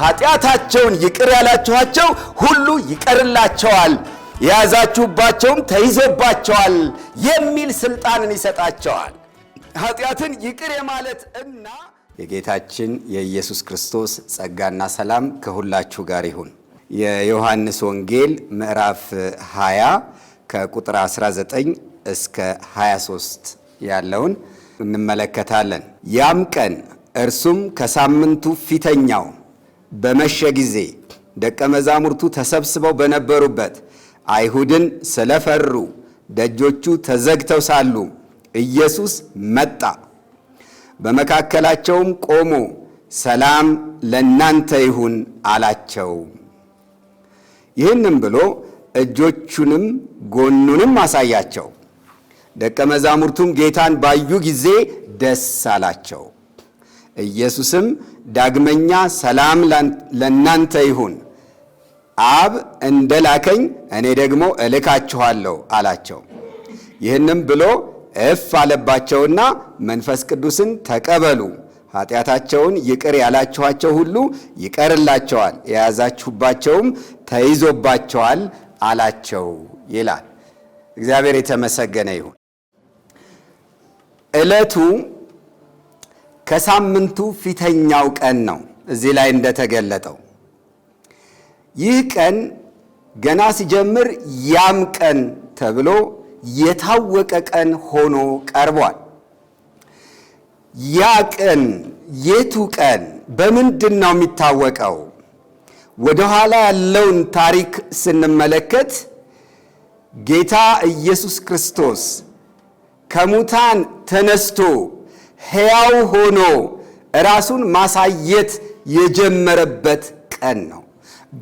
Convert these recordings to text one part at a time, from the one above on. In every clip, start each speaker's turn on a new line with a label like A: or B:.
A: ኃጢአታቸውን ይቅር ያላችኋቸው ሁሉ ይቀርላቸዋል፣ የያዛችሁባቸውም ተይዞባቸዋል የሚል ስልጣንን ይሰጣቸዋል። ኃጢአትን ይቅር የማለት እና የጌታችን የኢየሱስ ክርስቶስ ጸጋና ሰላም ከሁላችሁ ጋር ይሁን። የዮሐንስ ወንጌል ምዕራፍ 20 ከቁጥር 19 እስከ 23 ያለውን እንመለከታለን። ያም ቀን እርሱም ከሳምንቱ ፊተኛው በመሸ ጊዜ ደቀ መዛሙርቱ ተሰብስበው በነበሩበት አይሁድን ስለፈሩ ደጆቹ ተዘግተው ሳሉ ኢየሱስ መጣ፣ በመካከላቸውም ቆሞ ሰላም ለእናንተ ይሁን አላቸው። ይህንም ብሎ እጆቹንም ጎኑንም አሳያቸው። ደቀ መዛሙርቱም ጌታን ባዩ ጊዜ ደስ አላቸው። ኢየሱስም ዳግመኛ ሰላም ለእናንተ ይሁን፣ አብ እንደላከኝ እኔ ደግሞ እልካችኋለሁ አላቸው። ይህንም ብሎ እፍ አለባቸውና መንፈስ ቅዱስን ተቀበሉ፣ ኃጢአታቸውን ይቅር ያላችኋቸው ሁሉ ይቀርላቸዋል፣ የያዛችሁባቸውም ተይዞባቸዋል አላቸው ይላል። እግዚአብሔር የተመሰገነ ይሁን። ዕለቱ ከሳምንቱ ፊተኛው ቀን ነው። እዚህ ላይ እንደተገለጠው ይህ ቀን ገና ሲጀምር ያም ቀን ተብሎ የታወቀ ቀን ሆኖ ቀርቧል። ያ ቀን የቱ ቀን በምንድን ነው የሚታወቀው? ወደኋላ ያለውን ታሪክ ስንመለከት ጌታ ኢየሱስ ክርስቶስ ከሙታን ተነስቶ ሕያው ሆኖ ራሱን ማሳየት የጀመረበት ቀን ነው።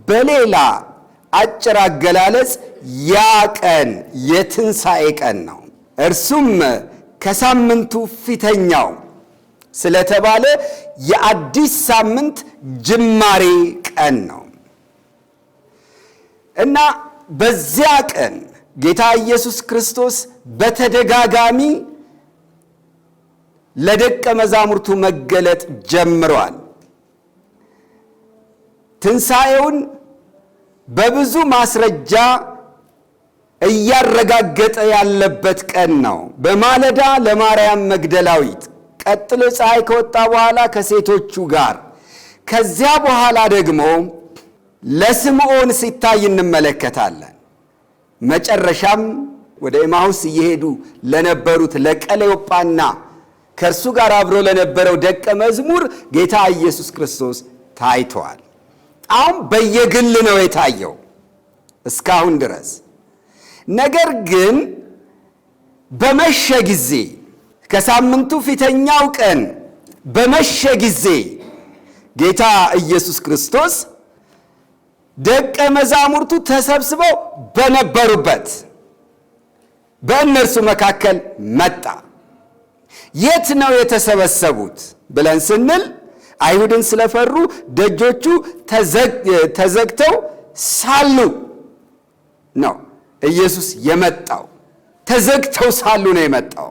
A: በሌላ አጭር አገላለጽ ያ ቀን የትንሣኤ ቀን ነው። እርሱም ከሳምንቱ ፊተኛው ስለተባለ የአዲስ ሳምንት ጅማሬ ቀን ነው እና በዚያ ቀን ጌታ ኢየሱስ ክርስቶስ በተደጋጋሚ ለደቀ መዛሙርቱ መገለጥ ጀምረዋል። ትንሣኤውን በብዙ ማስረጃ እያረጋገጠ ያለበት ቀን ነው። በማለዳ ለማርያም መግደላዊት፣ ቀጥሎ ፀሐይ ከወጣ በኋላ ከሴቶቹ ጋር፣ ከዚያ በኋላ ደግሞ ለስምዖን ሲታይ እንመለከታለን። መጨረሻም ወደ ኤማሁስ እየሄዱ ለነበሩት ለቀለዮጳና ከእርሱ ጋር አብሮ ለነበረው ደቀ መዝሙር ጌታ ኢየሱስ ክርስቶስ ታይተዋል። አሁን በየግል ነው የታየው እስካሁን ድረስ። ነገር ግን በመሸ ጊዜ ከሳምንቱ ፊተኛው ቀን በመሸ ጊዜ ጌታ ኢየሱስ ክርስቶስ ደቀ መዛሙርቱ ተሰብስበው በነበሩበት በእነርሱ መካከል መጣ። የት ነው የተሰበሰቡት ብለን ስንል አይሁድን ስለፈሩ ደጆቹ ተዘግተው ሳሉ ነው ኢየሱስ የመጣው። ተዘግተው ሳሉ ነው የመጣው።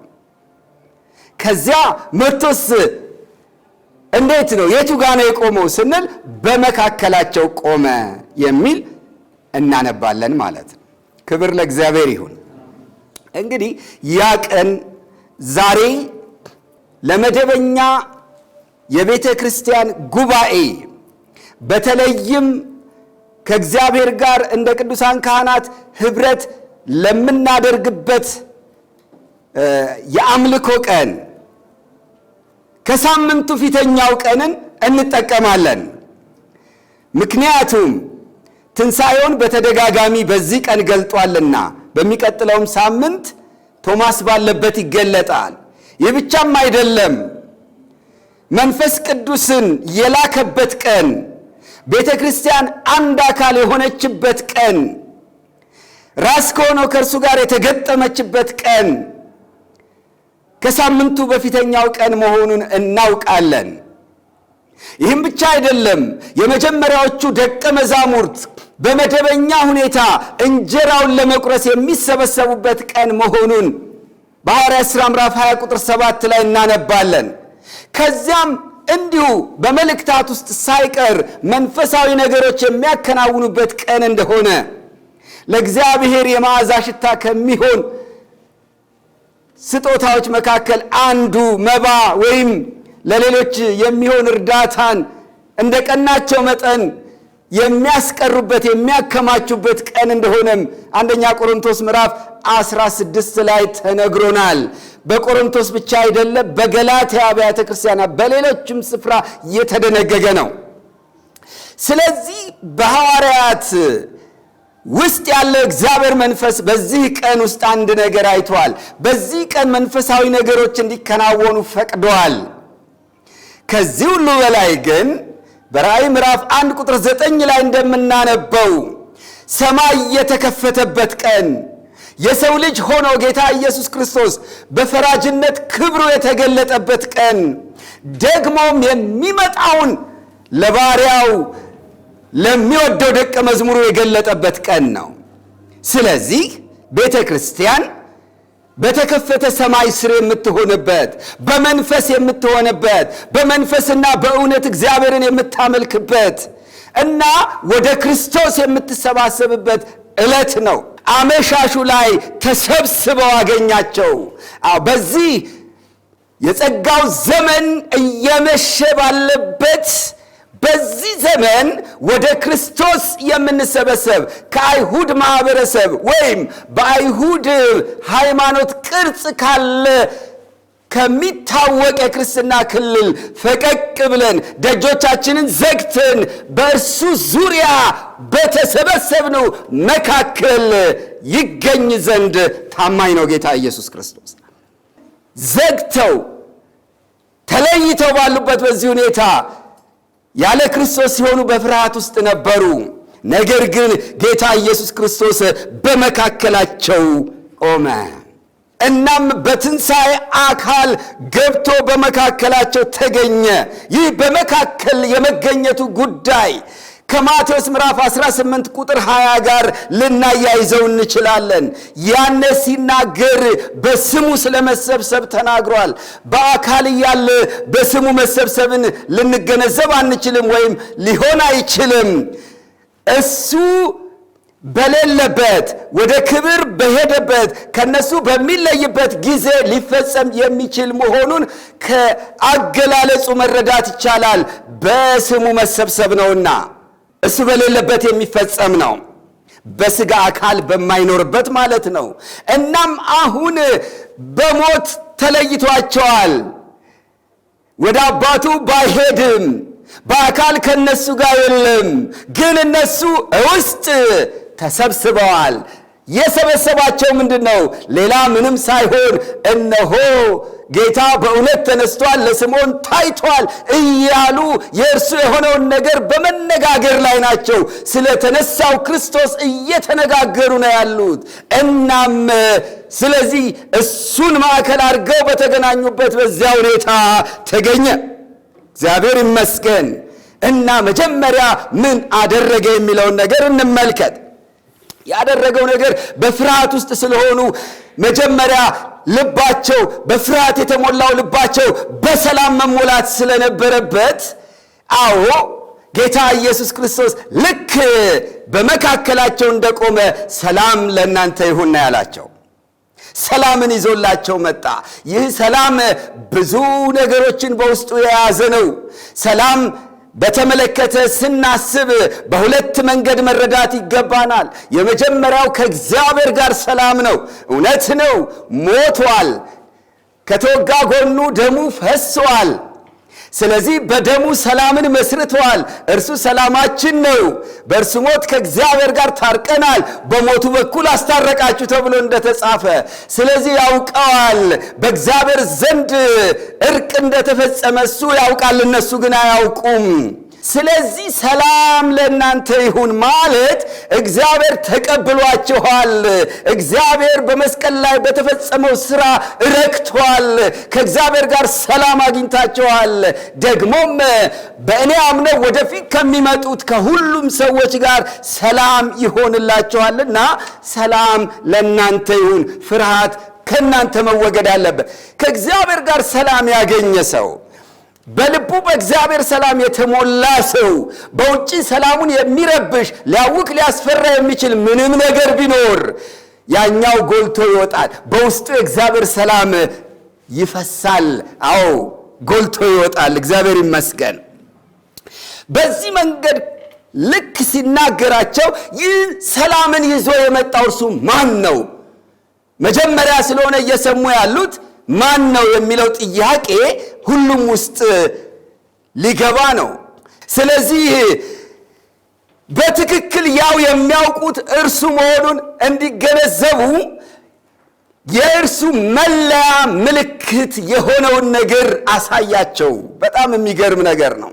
A: ከዚያ መቶስ እንዴት ነው የቱ ጋ ነው የቆመው ስንል በመካከላቸው ቆመ የሚል እናነባለን ማለት ነው። ክብር ለእግዚአብሔር ይሁን። እንግዲህ ያ ቀን ዛሬ ለመደበኛ የቤተ ክርስቲያን ጉባኤ በተለይም ከእግዚአብሔር ጋር እንደ ቅዱሳን ካህናት ኅብረት ለምናደርግበት የአምልኮ ቀን ከሳምንቱ ፊተኛው ቀንን እንጠቀማለን። ምክንያቱም ትንሣኤውን በተደጋጋሚ በዚህ ቀን ገልጧልና በሚቀጥለውም ሳምንት ቶማስ ባለበት ይገለጣል። ይህ ብቻም አይደለም። መንፈስ ቅዱስን የላከበት ቀን፣ ቤተ ክርስቲያን አንድ አካል የሆነችበት ቀን፣ ራስ ከሆነው ከእርሱ ጋር የተገጠመችበት ቀን ከሳምንቱ በፊተኛው ቀን መሆኑን እናውቃለን። ይህም ብቻ አይደለም። የመጀመሪያዎቹ ደቀ መዛሙርት በመደበኛ ሁኔታ እንጀራውን ለመቁረስ የሚሰበሰቡበት ቀን መሆኑን በሐዋርያት ሥራ ምዕራፍ 20 ቁጥር 7 ላይ እናነባለን። ከዚያም እንዲሁ በመልእክታት ውስጥ ሳይቀር መንፈሳዊ ነገሮች የሚያከናውኑበት ቀን እንደሆነ ለእግዚአብሔር የመዓዛ ሽታ ከሚሆን ስጦታዎች መካከል አንዱ መባ ወይም ለሌሎች የሚሆን እርዳታን እንደ ቀናቸው መጠን የሚያስቀሩበት የሚያከማቹበት ቀን እንደሆነም አንደኛ ቆሮንቶስ ምዕራፍ 16 ላይ ተነግሮናል። በቆሮንቶስ ብቻ አይደለም፣ በገላትያ አብያተ ክርስቲያናት በሌሎችም ስፍራ የተደነገገ ነው። ስለዚህ በሐዋርያት ውስጥ ያለ እግዚአብሔር መንፈስ በዚህ ቀን ውስጥ አንድ ነገር አይቷል። በዚህ ቀን መንፈሳዊ ነገሮች እንዲከናወኑ ፈቅደዋል። ከዚህ ሁሉ በላይ ግን በራእይ ምዕራፍ አንድ ቁጥር ዘጠኝ ላይ እንደምናነበው ሰማይ የተከፈተበት ቀን የሰው ልጅ ሆኖ ጌታ ኢየሱስ ክርስቶስ በፈራጅነት ክብሩ የተገለጠበት ቀን ደግሞም የሚመጣውን ለባሪያው ለሚወደው ደቀ መዝሙሩ የገለጠበት ቀን ነው። ስለዚህ ቤተ ክርስቲያን በተከፈተ ሰማይ ስር የምትሆንበት በመንፈስ የምትሆንበት በመንፈስና በእውነት እግዚአብሔርን የምታመልክበት እና ወደ ክርስቶስ የምትሰባሰብበት ዕለት ነው። አመሻሹ ላይ ተሰብስበው አገኛቸው። በዚህ የጸጋው ዘመን እየመሸ ባለበት በዚህ ዘመን ወደ ክርስቶስ የምንሰበሰብ ከአይሁድ ማህበረሰብ ወይም በአይሁድ ሃይማኖት ቅርጽ ካለ ከሚታወቅ የክርስትና ክልል ፈቀቅ ብለን ደጆቻችንን ዘግተን በእርሱ ዙሪያ በተሰበሰብነው መካከል ይገኝ ዘንድ ታማኝ ነው ጌታ ኢየሱስ ክርስቶስ። ዘግተው ተለይተው ባሉበት በዚህ ሁኔታ ያለ ክርስቶስ ሲሆኑ በፍርሃት ውስጥ ነበሩ። ነገር ግን ጌታ ኢየሱስ ክርስቶስ በመካከላቸው ቆመ። እናም በትንሣኤ አካል ገብቶ በመካከላቸው ተገኘ። ይህ በመካከል የመገኘቱ ጉዳይ ከማቴዎስ ምዕራፍ 18 ቁጥር 20 ጋር ልናያይዘው እንችላለን። ያነ ሲናገር በስሙ ስለ መሰብሰብ ተናግሯል። በአካል እያለ በስሙ መሰብሰብን ልንገነዘብ አንችልም ወይም ሊሆን አይችልም። እሱ በሌለበት ወደ ክብር በሄደበት ከነሱ በሚለይበት ጊዜ ሊፈጸም የሚችል መሆኑን ከአገላለጹ መረዳት ይቻላል። በስሙ መሰብሰብ ነውና እሱ በሌለበት የሚፈጸም ነው። በስጋ አካል በማይኖርበት ማለት ነው። እናም አሁን በሞት ተለይቷቸዋል። ወደ አባቱ ባይሄድም በአካል ከነሱ ጋር የለም፣ ግን እነሱ ውስጥ ተሰብስበዋል። የሰበሰባቸው ምንድን ነው? ሌላ ምንም ሳይሆን እነሆ ጌታ በእውነት ተነስቷል፣ ለስምዖን ታይቷል እያሉ የእርሱ የሆነውን ነገር በመነጋገር ላይ ናቸው። ስለ ተነሳው ክርስቶስ እየተነጋገሩ ነው ያሉት። እናም ስለዚህ እሱን ማዕከል አድርገው በተገናኙበት በዚያ ሁኔታ ተገኘ። እግዚአብሔር ይመስገን እና መጀመሪያ ምን አደረገ የሚለውን ነገር እንመልከት። ያደረገው ነገር በፍርሃት ውስጥ ስለሆኑ መጀመሪያ ልባቸው በፍርሃት የተሞላው ልባቸው በሰላም መሞላት ስለነበረበት፣ አዎ ጌታ ኢየሱስ ክርስቶስ ልክ በመካከላቸው እንደቆመ ሰላም ለእናንተ ይሁን ያላቸው። ሰላምን ይዞላቸው መጣ። ይህ ሰላም ብዙ ነገሮችን በውስጡ የያዘ ነው። ሰላም በተመለከተ ስናስብ በሁለት መንገድ መረዳት ይገባናል። የመጀመሪያው ከእግዚአብሔር ጋር ሰላም ነው። እውነት ነው፣ ሞቷል፣ ከተወጋ ጎኑ ደሙ ፈሷል። ስለዚህ በደሙ ሰላምን መስርተዋል። እርሱ ሰላማችን ነው። በእርሱ ሞት ከእግዚአብሔር ጋር ታርቀናል፣ በሞቱ በኩል አስታረቃችሁ ተብሎ እንደተጻፈ፣ ስለዚህ ያውቀዋል። በእግዚአብሔር ዘንድ እርቅ እንደተፈጸመ እሱ ያውቃል፣ እነሱ ግን አያውቁም። ስለዚህ ሰላም ለእናንተ ይሁን ማለት እግዚአብሔር ተቀብሏችኋል። እግዚአብሔር በመስቀል ላይ በተፈጸመው ስራ ረክቷል። ከእግዚአብሔር ጋር ሰላም አግኝታችኋል። ደግሞም በእኔ አምነው ወደፊት ከሚመጡት ከሁሉም ሰዎች ጋር ሰላም ይሆንላችኋልና ሰላም ለእናንተ ይሁን። ፍርሃት ከእናንተ መወገድ አለበት። ከእግዚአብሔር ጋር ሰላም ያገኘ ሰው በልቡ በእግዚአብሔር ሰላም የተሞላ ሰው በውጭ ሰላሙን የሚረብሽ ሊያውቅ ሊያስፈራ የሚችል ምንም ነገር ቢኖር ያኛው ጎልቶ ይወጣል። በውስጡ የእግዚአብሔር ሰላም ይፈሳል። አዎ ጎልቶ ይወጣል። እግዚአብሔር ይመስገን። በዚህ መንገድ ልክ ሲናገራቸው ይህ ሰላምን ይዞ የመጣው እርሱ ማን ነው? መጀመሪያ ስለሆነ እየሰሙ ያሉት ማን ነው የሚለው ጥያቄ ሁሉም ውስጥ ሊገባ ነው። ስለዚህ በትክክል ያው የሚያውቁት እርሱ መሆኑን እንዲገነዘቡ የእርሱ መለያ ምልክት የሆነውን ነገር አሳያቸው። በጣም የሚገርም ነገር ነው።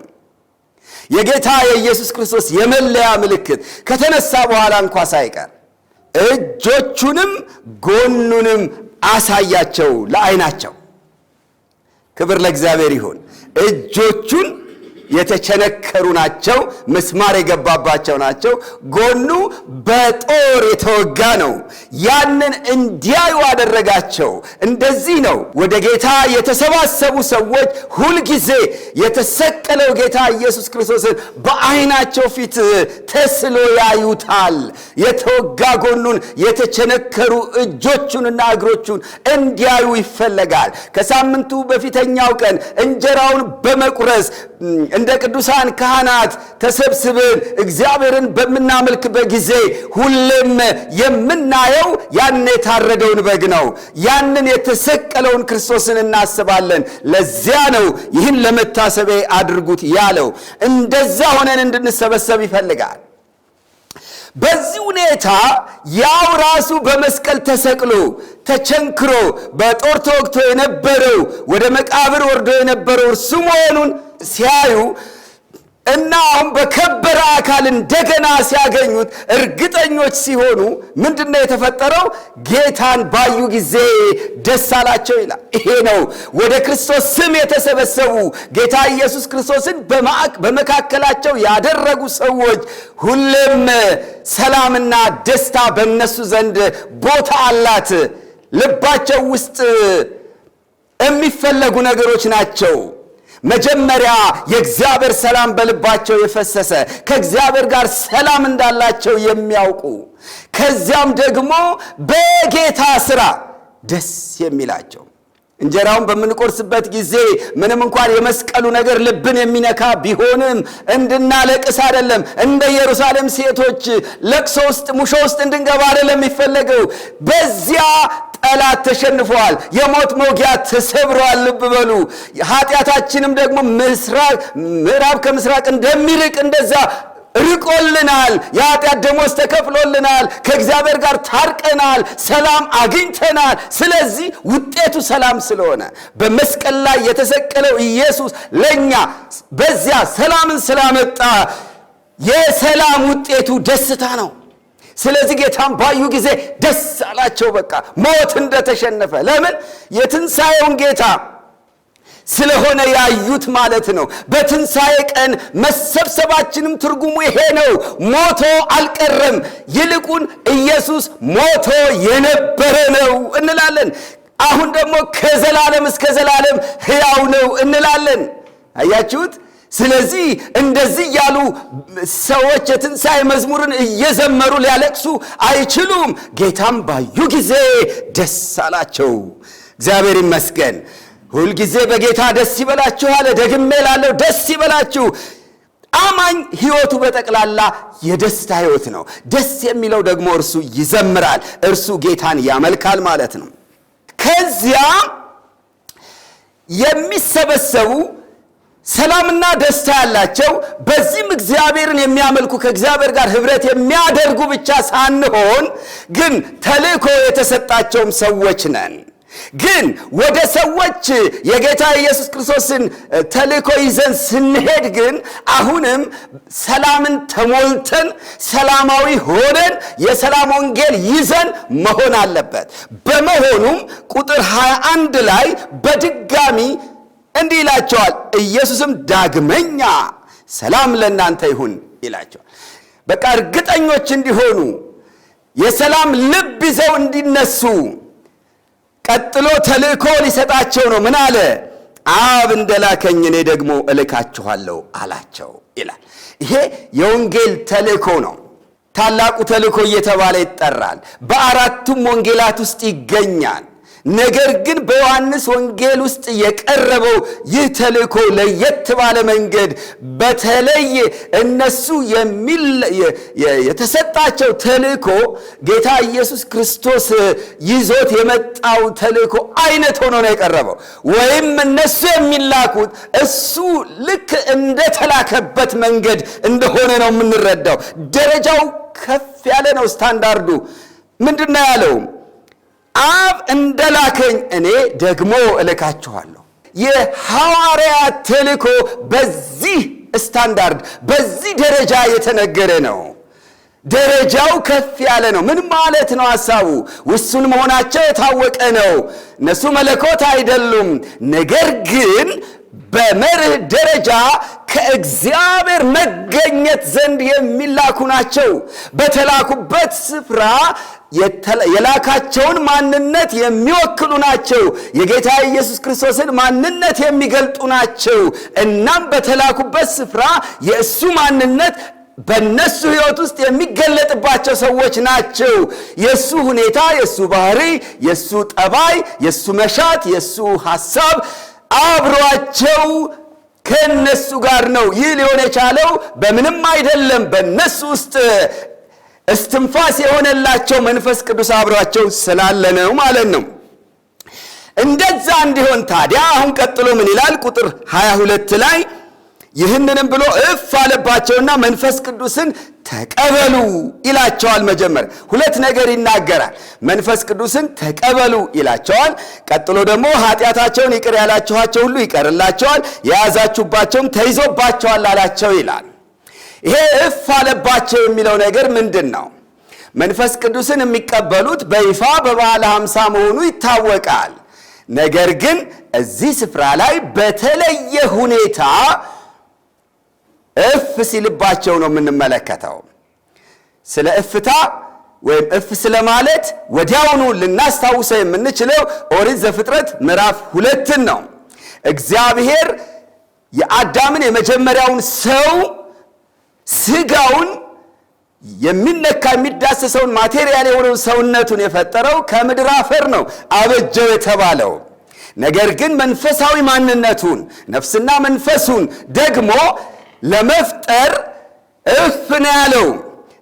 A: የጌታ የኢየሱስ ክርስቶስ የመለያ ምልክት ከተነሳ በኋላ እንኳ ሳይቀር እጆቹንም ጎኑንም አሳያቸው ለዓይናቸው። ክብር ለእግዚአብሔር ይሁን። እጆቹን የተቸነከሩ ናቸው፣ ምስማር የገባባቸው ናቸው። ጎኑ በጦር የተወጋ ነው። ያንን እንዲያዩ አደረጋቸው። እንደዚህ ነው ወደ ጌታ የተሰባሰቡ ሰዎች ሁልጊዜ የተሰቀለው ጌታ ኢየሱስ ክርስቶስን በዓይናቸው ፊት ተስሎ ያዩታል። የተወጋ ጎኑን፣ የተቸነከሩ እጆቹንና እግሮቹን እንዲያዩ ይፈለጋል። ከሳምንቱ በፊተኛው ቀን እንጀራውን በመቁረስ እንደ ቅዱሳን ካህናት ተሰብስበን እግዚአብሔርን በምናመልክበት ጊዜ ሁሌም የምናየው ያን የታረደውን በግ ነው። ያንን የተሰቀለውን ክርስቶስን እናስባለን። ለዚያ ነው ይህን ለመታሰቤ አድርጉት ያለው። እንደዛ ሆነን እንድንሰበሰብ ይፈልጋል። በዚህ ሁኔታ ያው ራሱ በመስቀል ተሰቅሎ ተቸንክሮ በጦር ተወግቶ የነበረው ወደ መቃብር ወርዶ የነበረው እርሱ መሆኑን ሲያዩ እና አሁን በከበረ አካል እንደገና ሲያገኙት እርግጠኞች ሲሆኑ ምንድን ነው የተፈጠረው? ጌታን ባዩ ጊዜ ደስ አላቸው ይላል። ይሄ ነው ወደ ክርስቶስ ስም የተሰበሰቡ ጌታ ኢየሱስ ክርስቶስን በመካከላቸው ያደረጉ ሰዎች ሁሌም ሰላምና ደስታ በእነሱ ዘንድ ቦታ አላት። ልባቸው ውስጥ የሚፈለጉ ነገሮች ናቸው። መጀመሪያ የእግዚአብሔር ሰላም በልባቸው የፈሰሰ ከእግዚአብሔር ጋር ሰላም እንዳላቸው የሚያውቁ ከዚያም ደግሞ በጌታ ስራ ደስ የሚላቸው እንጀራውን በምንቆርስበት ጊዜ ምንም እንኳን የመስቀሉ ነገር ልብን የሚነካ ቢሆንም እንድናለቅስ አይደለም። እንደ ኢየሩሳሌም ሴቶች ለቅሶ ውስጥ፣ ሙሾ ውስጥ እንድንገባ አይደለም የሚፈለገው። በዚያ ጠላት ተሸንፈዋል። የሞት መውጊያ ተሰብረዋል። ልብ በሉ። ኃጢአታችንም ደግሞ ምዕራብ ከምስራቅ እንደሚርቅ እንደዛ ርቆልናል። የኃጢአት ደሞዝ ተከፍሎልናል። ከእግዚአብሔር ጋር ታርቀናል። ሰላም አግኝተናል። ስለዚህ ውጤቱ ሰላም ስለሆነ በመስቀል ላይ የተሰቀለው ኢየሱስ ለእኛ በዚያ ሰላምን ስላመጣ የሰላም ውጤቱ ደስታ ነው። ስለዚህ ጌታን ባዩ ጊዜ ደስ አላቸው። በቃ ሞት እንደተሸነፈ ለምን የትንሣኤውን ጌታ ስለሆነ ያዩት ማለት ነው። በትንሣኤ ቀን መሰብሰባችንም ትርጉሙ ይሄ ነው። ሞቶ አልቀረም፣ ይልቁን ኢየሱስ ሞቶ የነበረ ነው እንላለን። አሁን ደግሞ ከዘላለም እስከ ዘላለም ሕያው ነው እንላለን። አያችሁት? ስለዚህ እንደዚህ ያሉ ሰዎች የትንሣኤ መዝሙርን እየዘመሩ ሊያለቅሱ አይችሉም። ጌታም ባዩ ጊዜ ደስ አላቸው። እግዚአብሔር ይመስገን። ሁልጊዜ በጌታ ደስ ይበላችሁ አለ። ደግሜ ላለው ደስ ይበላችሁ። አማኝ ሕይወቱ በጠቅላላ የደስታ ሕይወት ነው። ደስ የሚለው ደግሞ እርሱ ይዘምራል፣ እርሱ ጌታን ያመልካል ማለት ነው። ከዚያ የሚሰበሰቡ ሰላምና ደስታ ያላቸው በዚህም እግዚአብሔርን የሚያመልኩ ከእግዚአብሔር ጋር ኅብረት የሚያደርጉ ብቻ ሳንሆን ግን ተልእኮ የተሰጣቸውም ሰዎች ነን። ግን ወደ ሰዎች የጌታ ኢየሱስ ክርስቶስን ተልእኮ ይዘን ስንሄድ ግን አሁንም ሰላምን ተሞልተን ሰላማዊ ሆነን የሰላም ወንጌል ይዘን መሆን አለበት። በመሆኑም ቁጥር 21 ላይ በድጋሚ እንዲህ ይላቸዋል። ኢየሱስም ዳግመኛ ሰላም ለእናንተ ይሁን ይላቸዋል። በቃ እርግጠኞች እንዲሆኑ የሰላም ልብ ይዘው እንዲነሱ ቀጥሎ ተልእኮ ሊሰጣቸው ነው። ምን አለ? አብ እንደላከኝ እኔ ደግሞ እልካችኋለሁ አላቸው ይላል። ይሄ የወንጌል ተልእኮ ነው። ታላቁ ተልእኮ እየተባለ ይጠራል። በአራቱም ወንጌላት ውስጥ ይገኛል። ነገር ግን በዮሐንስ ወንጌል ውስጥ የቀረበው ይህ ተልእኮ ለየት ባለ መንገድ በተለይ እነሱ የተሰጣቸው ተልእኮ ጌታ ኢየሱስ ክርስቶስ ይዞት የመጣው ተልእኮ አይነት ሆኖ ነው የቀረበው። ወይም እነሱ የሚላኩት እሱ ልክ እንደተላከበት መንገድ እንደሆነ ነው የምንረዳው። ደረጃው ከፍ ያለ ነው። ስታንዳርዱ ምንድን ነው ያለው? አብ እንደላከኝ እኔ ደግሞ እልካችኋለሁ። የሐዋርያት ተልእኮ በዚህ ስታንዳርድ፣ በዚህ ደረጃ የተነገረ ነው። ደረጃው ከፍ ያለ ነው። ምን ማለት ነው? ሐሳቡ ውሱን መሆናቸው የታወቀ ነው። እነሱ መለኮት አይደሉም። ነገር ግን በመርህ ደረጃ ከእግዚአብሔር መገኘት ዘንድ የሚላኩ ናቸው። በተላኩበት ስፍራ የላካቸውን ማንነት የሚወክሉ ናቸው። የጌታ ኢየሱስ ክርስቶስን ማንነት የሚገልጡ ናቸው። እናም በተላኩበት ስፍራ የእሱ ማንነት በእነሱ ሕይወት ውስጥ የሚገለጥባቸው ሰዎች ናቸው። የእሱ ሁኔታ፣ የእሱ ባህሪ፣ የእሱ ጠባይ፣ የእሱ መሻት፣ የእሱ ሐሳብ አብሯቸው ከነሱ ጋር ነው። ይህ ሊሆን የቻለው በምንም አይደለም። በነሱ ውስጥ እስትንፋስ የሆነላቸው መንፈስ ቅዱስ አብሯቸው ስላለ ነው ማለት ነው። እንደዛ እንዲሆን ታዲያ አሁን ቀጥሎ ምን ይላል? ቁጥር 22 ላይ ይህንንም ብሎ እፍ አለባቸውና መንፈስ ቅዱስን ተቀበሉ ይላቸዋል። መጀመር ሁለት ነገር ይናገራል። መንፈስ ቅዱስን ተቀበሉ ይላቸዋል። ቀጥሎ ደግሞ ኃጢአታቸውን ይቅር ያላችኋቸው ሁሉ ይቀርላቸዋል፣ የያዛችሁባቸውም ተይዞባቸዋል አላቸው ይላል። ይሄ እፍ አለባቸው የሚለው ነገር ምንድን ነው? መንፈስ ቅዱስን የሚቀበሉት በይፋ በበዓለ ሃምሳ መሆኑ ይታወቃል። ነገር ግን እዚህ ስፍራ ላይ በተለየ ሁኔታ እፍ ሲልባቸው ነው የምንመለከተው። ስለ እፍታ ወይም እፍ ስለማለት ወዲያውኑ ልናስታውሰው የምንችለው ኦሪት ዘፍጥረት ምዕራፍ ሁለትን ነው። እግዚአብሔር የአዳምን የመጀመሪያውን ሰው ስጋውን የሚለካ የሚዳሰሰውን ማቴሪያል የሆነውን ሰውነቱን የፈጠረው ከምድር አፈር ነው አበጀው የተባለው። ነገር ግን መንፈሳዊ ማንነቱን ነፍስና መንፈሱን ደግሞ ለመፍጠር እፍ ነው ያለው።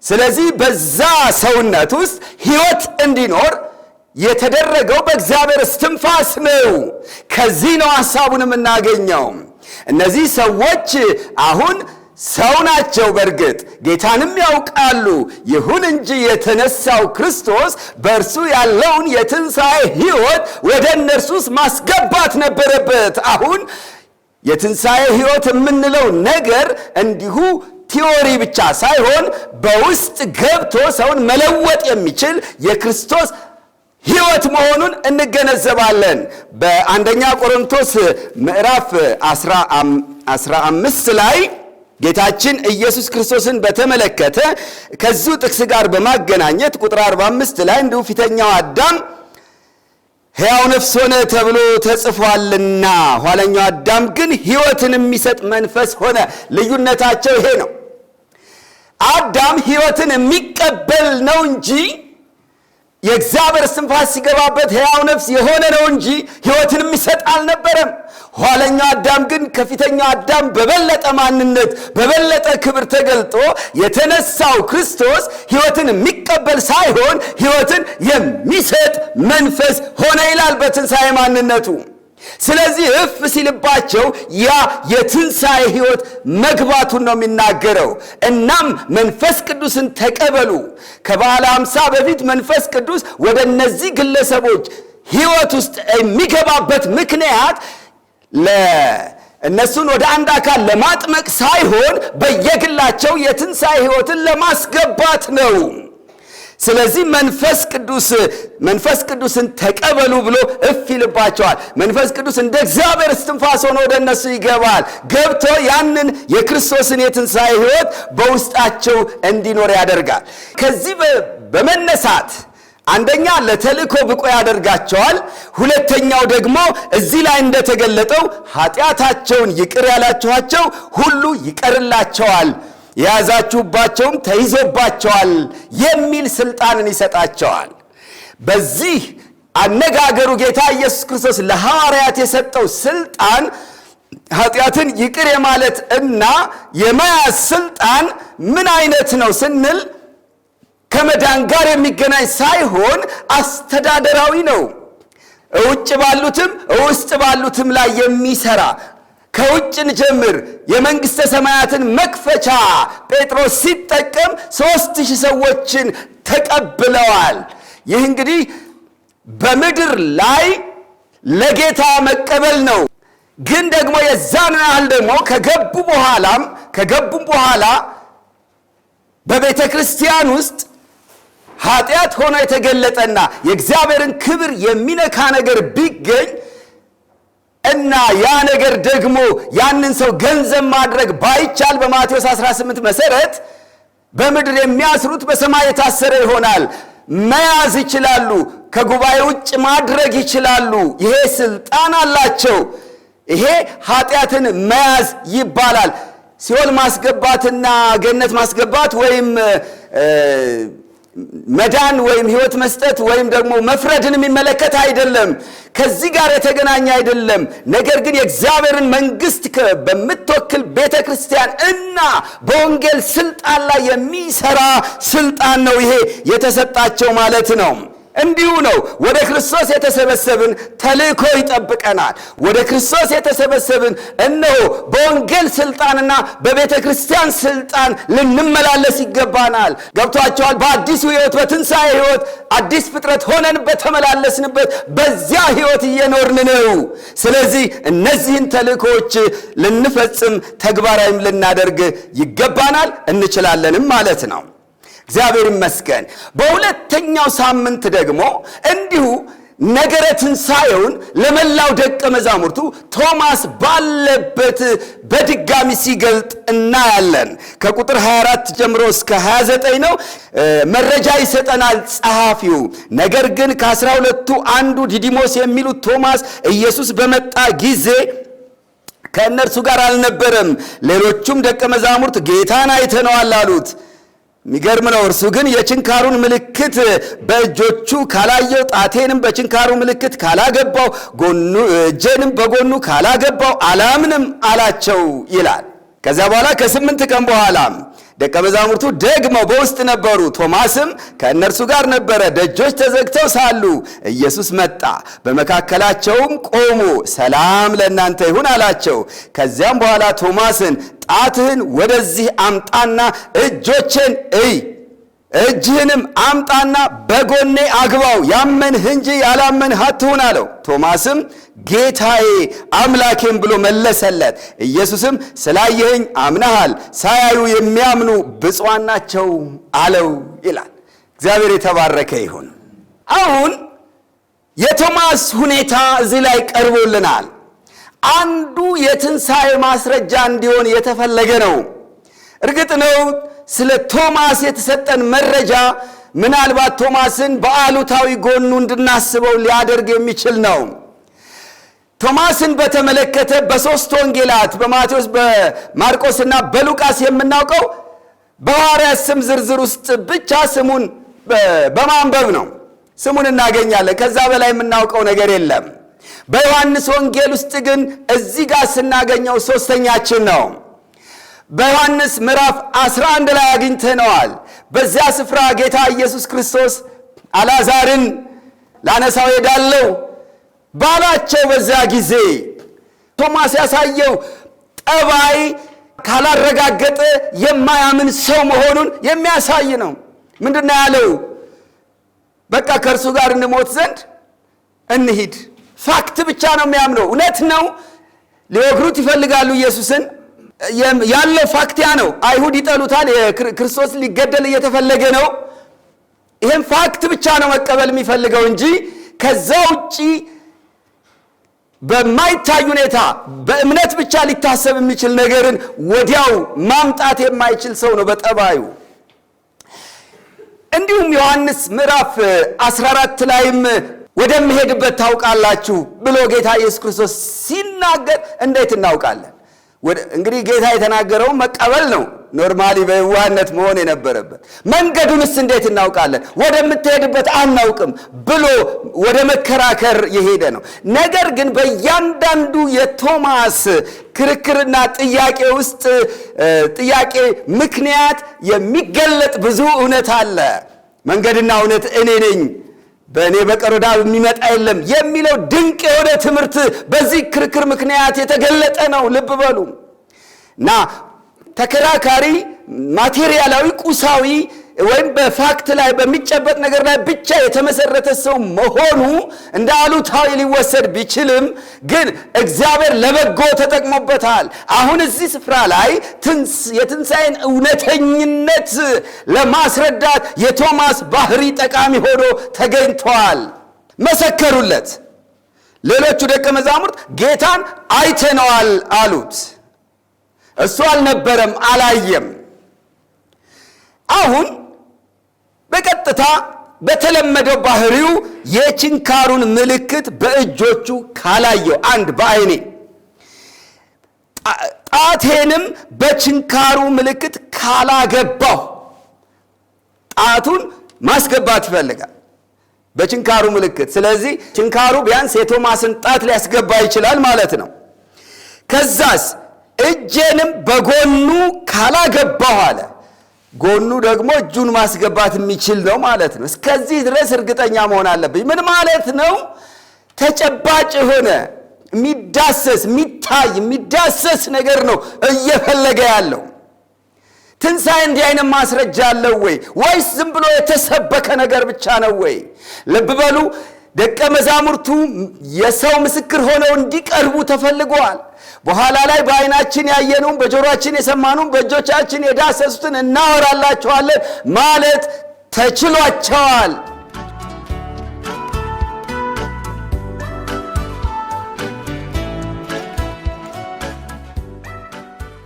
A: ስለዚህ በዛ ሰውነት ውስጥ ሕይወት እንዲኖር የተደረገው በእግዚአብሔር እስትንፋስ ነው። ከዚህ ነው ሐሳቡን የምናገኘው። እነዚህ ሰዎች አሁን ሰው ናቸው፣ በእርግጥ ጌታንም ያውቃሉ። ይሁን እንጂ የተነሳው ክርስቶስ በእርሱ ያለውን የትንሣኤ ሕይወት ወደ እነርሱስ ማስገባት ነበረበት። አሁን የትንሣኤ ሕይወት የምንለው ነገር እንዲሁ ቲዎሪ ብቻ ሳይሆን በውስጥ ገብቶ ሰውን መለወጥ የሚችል የክርስቶስ ሕይወት መሆኑን እንገነዘባለን። በአንደኛ ቆሮንቶስ ምዕራፍ 15 ላይ ጌታችን ኢየሱስ ክርስቶስን በተመለከተ ከዚሁ ጥቅስ ጋር በማገናኘት ቁጥር 45 ላይ እንዲሁ ፊተኛው አዳም ሕያው ነፍስ ሆነ ተብሎ ተጽፏልና፣ ኋለኛው አዳም ግን ሕይወትን የሚሰጥ መንፈስ ሆነ። ልዩነታቸው ይሄ ነው። አዳም ሕይወትን የሚቀበል ነው እንጂ የእግዚአብሔር ስንፋስ ሲገባበት ሕያው ነፍስ የሆነ ነው እንጂ ሕይወትን የሚሰጥ አልነበረም። ኋለኛው አዳም ግን ከፊተኛው አዳም በበለጠ ማንነት በበለጠ ክብር ተገልጦ የተነሳው ክርስቶስ ሕይወትን የሚቀበል ሳይሆን ሕይወትን የሚሰጥ መንፈስ ሆነ ይላል በትንሣኤ ማንነቱ ስለዚህ እፍ ሲልባቸው ያ የትንሣኤ ሕይወት መግባቱን ነው የሚናገረው። እናም መንፈስ ቅዱስን ተቀበሉ። ከበዓለ ሃምሳ በፊት መንፈስ ቅዱስ ወደ እነዚህ ግለሰቦች ሕይወት ውስጥ የሚገባበት ምክንያት እነሱን ወደ አንድ አካል ለማጥመቅ ሳይሆን በየግላቸው የትንሣኤ ሕይወትን ለማስገባት ነው። ስለዚህ መንፈስ ቅዱስ መንፈስ ቅዱስን ተቀበሉ ብሎ እፍ ይልባቸዋል። መንፈስ ቅዱስ እንደ እግዚአብሔር እስትንፋስ ሆኖ ወደ እነሱ ይገባል። ገብቶ ያንን የክርስቶስን የትንሣኤ ሕይወት በውስጣቸው እንዲኖር ያደርጋል። ከዚህ በመነሳት አንደኛ ለተልእኮ ብቆ ያደርጋቸዋል። ሁለተኛው ደግሞ እዚህ ላይ እንደተገለጠው ኃጢአታቸውን ይቅር ያላችኋቸው ሁሉ ይቀርላቸዋል የያዛችሁባቸውም ተይዞባቸዋል የሚል ስልጣንን ይሰጣቸዋል። በዚህ አነጋገሩ ጌታ ኢየሱስ ክርስቶስ ለሐዋርያት የሰጠው ስልጣን ኃጢአትን ይቅር የማለት እና የመያዝ ስልጣን ምን አይነት ነው ስንል ከመዳን ጋር የሚገናኝ ሳይሆን አስተዳደራዊ ነው። ውጭ ባሉትም ውስጥ ባሉትም ላይ የሚሰራ ከውጭ እንጀምር። የመንግሥተ ሰማያትን መክፈቻ ጴጥሮስ ሲጠቀም ሦስት ሺህ ሰዎችን ተቀብለዋል። ይህ እንግዲህ በምድር ላይ ለጌታ መቀበል ነው። ግን ደግሞ የዛን ያህል ደግሞ ከገቡ በኋላም ከገቡም በኋላ በቤተ ክርስቲያን ውስጥ ኃጢአት ሆኖ የተገለጠና የእግዚአብሔርን ክብር የሚነካ ነገር ቢገኝ እና ያ ነገር ደግሞ ያንን ሰው ገንዘብ ማድረግ ባይቻል በማቴዎስ 18 መሰረት በምድር የሚያስሩት በሰማይ የታሰረ ይሆናል። መያዝ ይችላሉ፣ ከጉባኤ ውጭ ማድረግ ይችላሉ። ይሄ ስልጣን አላቸው። ይሄ ኃጢአትን መያዝ ይባላል። ሲኦል ማስገባትና ገነት ማስገባት ወይም መዳን ወይም ህይወት መስጠት ወይም ደግሞ መፍረድን የሚመለከት አይደለም። ከዚህ ጋር የተገናኘ አይደለም። ነገር ግን የእግዚአብሔርን መንግስት በምትወክል ቤተ ክርስቲያን እና በወንጌል ስልጣን ላይ የሚሰራ ስልጣን ነው ይሄ የተሰጣቸው ማለት ነው። እንዲሁ ነው ወደ ክርስቶስ የተሰበሰብን ተልእኮ ይጠብቀናል። ወደ ክርስቶስ የተሰበሰብን እነሆ በወንጌል ስልጣንና በቤተ ክርስቲያን ስልጣን ልንመላለስ ይገባናል። ገብቷቸዋል። በአዲሱ ህይወት በትንሣኤ ህይወት አዲስ ፍጥረት ሆነን በተመላለስንበት በዚያ ህይወት እየኖርን ነው። ስለዚህ እነዚህን ተልእኮዎች ልንፈጽም ተግባራዊም ልናደርግ ይገባናል፣ እንችላለንም ማለት ነው። እግዚአብሔር ይመስገን። በሁለተኛው ሳምንት ደግሞ እንዲሁ ነገረ ትንሣኤውን ለመላው ደቀ መዛሙርቱ ቶማስ ባለበት በድጋሚ ሲገልጥ እናያለን። ከቁጥር 24 ጀምሮ እስከ 29 ነው። መረጃ ይሰጠናል ጸሐፊው። ነገር ግን ከአስራ ሁለቱ አንዱ ዲዲሞስ የሚሉት ቶማስ ኢየሱስ በመጣ ጊዜ ከእነርሱ ጋር አልነበረም። ሌሎቹም ደቀ መዛሙርት ጌታን አይተነዋል አሉት። የሚገርም ነው። እርሱ ግን የችንካሩን ምልክት በእጆቹ ካላየው፣ ጣቴንም በችንካሩ ምልክት ካላገባው፣ እጄንም በጎኑ ካላገባው አላምንም አላቸው ይላል። ከዚያ በኋላ ከስምንት ቀን በኋላም ደቀ መዛሙርቱ ደግመው በውስጥ ነበሩ፣ ቶማስም ከእነርሱ ጋር ነበረ። ደጆች ተዘግተው ሳሉ ኢየሱስ መጣ፣ በመካከላቸውም ቆሞ ሰላም ለእናንተ ይሁን አላቸው። ከዚያም በኋላ ቶማስን ጣትህን ወደዚህ አምጣና እጆችን እይ እጅህንም አምጣና በጎኔ አግባው ያመንህ እንጂ ያላመንህ አትሁን አለው። ቶማስም ጌታዬ አምላኬም ብሎ መለሰለት። ኢየሱስም ስላየኸኝ አምነሃል፣ ሳያዩ የሚያምኑ ብፁዓን ናቸው አለው ይላል። እግዚአብሔር የተባረከ ይሁን። አሁን የቶማስ ሁኔታ እዚህ ላይ ቀርቦልናል። አንዱ የትንሣኤ ማስረጃ እንዲሆን የተፈለገ ነው። እርግጥ ነው ስለ ቶማስ የተሰጠን መረጃ ምናልባት ቶማስን በአሉታዊ ጎኑ እንድናስበው ሊያደርግ የሚችል ነው። ቶማስን በተመለከተ በሦስት ወንጌላት በማቴዎስ በማርቆስና በሉቃስ የምናውቀው በሐዋርያት ስም ዝርዝር ውስጥ ብቻ ስሙን በማንበብ ነው ስሙን እናገኛለን። ከዛ በላይ የምናውቀው ነገር የለም። በዮሐንስ ወንጌል ውስጥ ግን እዚህ ጋር ስናገኘው ሦስተኛችን ነው። በዮሐንስ ምዕራፍ 11 ላይ አግኝተነዋል። በዚያ ስፍራ ጌታ ኢየሱስ ክርስቶስ አላዛርን ላነሳው ሄዳለሁ ባላቸው በዚያ ጊዜ ቶማስ ያሳየው ጠባይ ካላረጋገጠ የማያምን ሰው መሆኑን የሚያሳይ ነው። ምንድን ነው ያለው? በቃ ከእርሱ ጋር እንሞት ዘንድ እንሂድ። ፋክት ብቻ ነው የሚያምነው። እውነት ነው። ሊወግሩት ይፈልጋሉ ኢየሱስን ያለው ፋክቲያ ነው። አይሁድ ይጠሉታል። ክርስቶስ ሊገደል እየተፈለገ ነው። ይህም ፋክት ብቻ ነው መቀበል የሚፈልገው እንጂ ከዛ ውጭ በማይታይ ሁኔታ በእምነት ብቻ ሊታሰብ የሚችል ነገርን ወዲያው ማምጣት የማይችል ሰው ነው በጠባዩ። እንዲሁም ዮሐንስ ምዕራፍ 14 ላይም ወደምሄድበት ታውቃላችሁ ብሎ ጌታ ኢየሱስ ክርስቶስ ሲናገር እንዴት እናውቃለን? እንግዲህ ጌታ የተናገረው መቀበል ነው። ኖርማሊ በየዋህነት መሆን የነበረበት መንገዱንስ እንዴት እናውቃለን? ወደምትሄድበት አናውቅም ብሎ ወደ መከራከር የሄደ ነው። ነገር ግን በእያንዳንዱ የቶማስ ክርክርና ጥያቄ ውስጥ ጥያቄ ምክንያት የሚገለጥ ብዙ እውነት አለ። መንገድና እውነት እኔ ነኝ በእኔ በቀር ወደ አብ የሚመጣ የለም የሚለው ድንቅ የሆነ ትምህርት በዚህ ክርክር ምክንያት የተገለጠ ነው። ልብ በሉ እና ተከራካሪ ማቴሪያላዊ ቁሳዊ ወይም በፋክት ላይ በሚጨበጥ ነገር ላይ ብቻ የተመሰረተ ሰው መሆኑ እንደ አሉታዊ ሊወሰድ ቢችልም ግን እግዚአብሔር ለበጎ ተጠቅሞበታል። አሁን እዚህ ስፍራ ላይ የትንሣኤን እውነተኝነት ለማስረዳት የቶማስ ባህሪ ጠቃሚ ሆኖ ተገኝተዋል። መሰከሩለት። ሌሎቹ ደቀ መዛሙርት ጌታን አይተነዋል አሉት። እሱ አልነበረም፣ አላየም። አሁን በቀጥታ በተለመደው ባህሪው የችንካሩን ምልክት በእጆቹ ካላየው አንድ በአይኔ ጣቴንም በችንካሩ ምልክት ካላገባሁ ጣቱን ማስገባት ይፈልጋል በችንካሩ ምልክት። ስለዚህ ችንካሩ ቢያንስ የቶማስን ጣት ሊያስገባ ይችላል ማለት ነው። ከዛስ እጄንም በጎኑ ካላገባሁ አለ ጎኑ ደግሞ እጁን ማስገባት የሚችል ነው ማለት ነው። እስከዚህ ድረስ እርግጠኛ መሆን አለብኝ። ምን ማለት ነው? ተጨባጭ የሆነ የሚዳሰስ የሚታይ የሚዳሰስ ነገር ነው እየፈለገ ያለው። ትንሣኤ እንዲህ አይነት ማስረጃ አለው ወይ? ወይስ ዝም ብሎ የተሰበከ ነገር ብቻ ነው ወይ? ልብ በሉ፣ ደቀ መዛሙርቱ የሰው ምስክር ሆነው እንዲቀርቡ ተፈልገዋል። በኋላ ላይ በአይናችን ያየነውን በጆሮችን የሰማኑን በእጆቻችን የዳሰሱትን እናወራላችኋለን ማለት ተችሏቸዋል።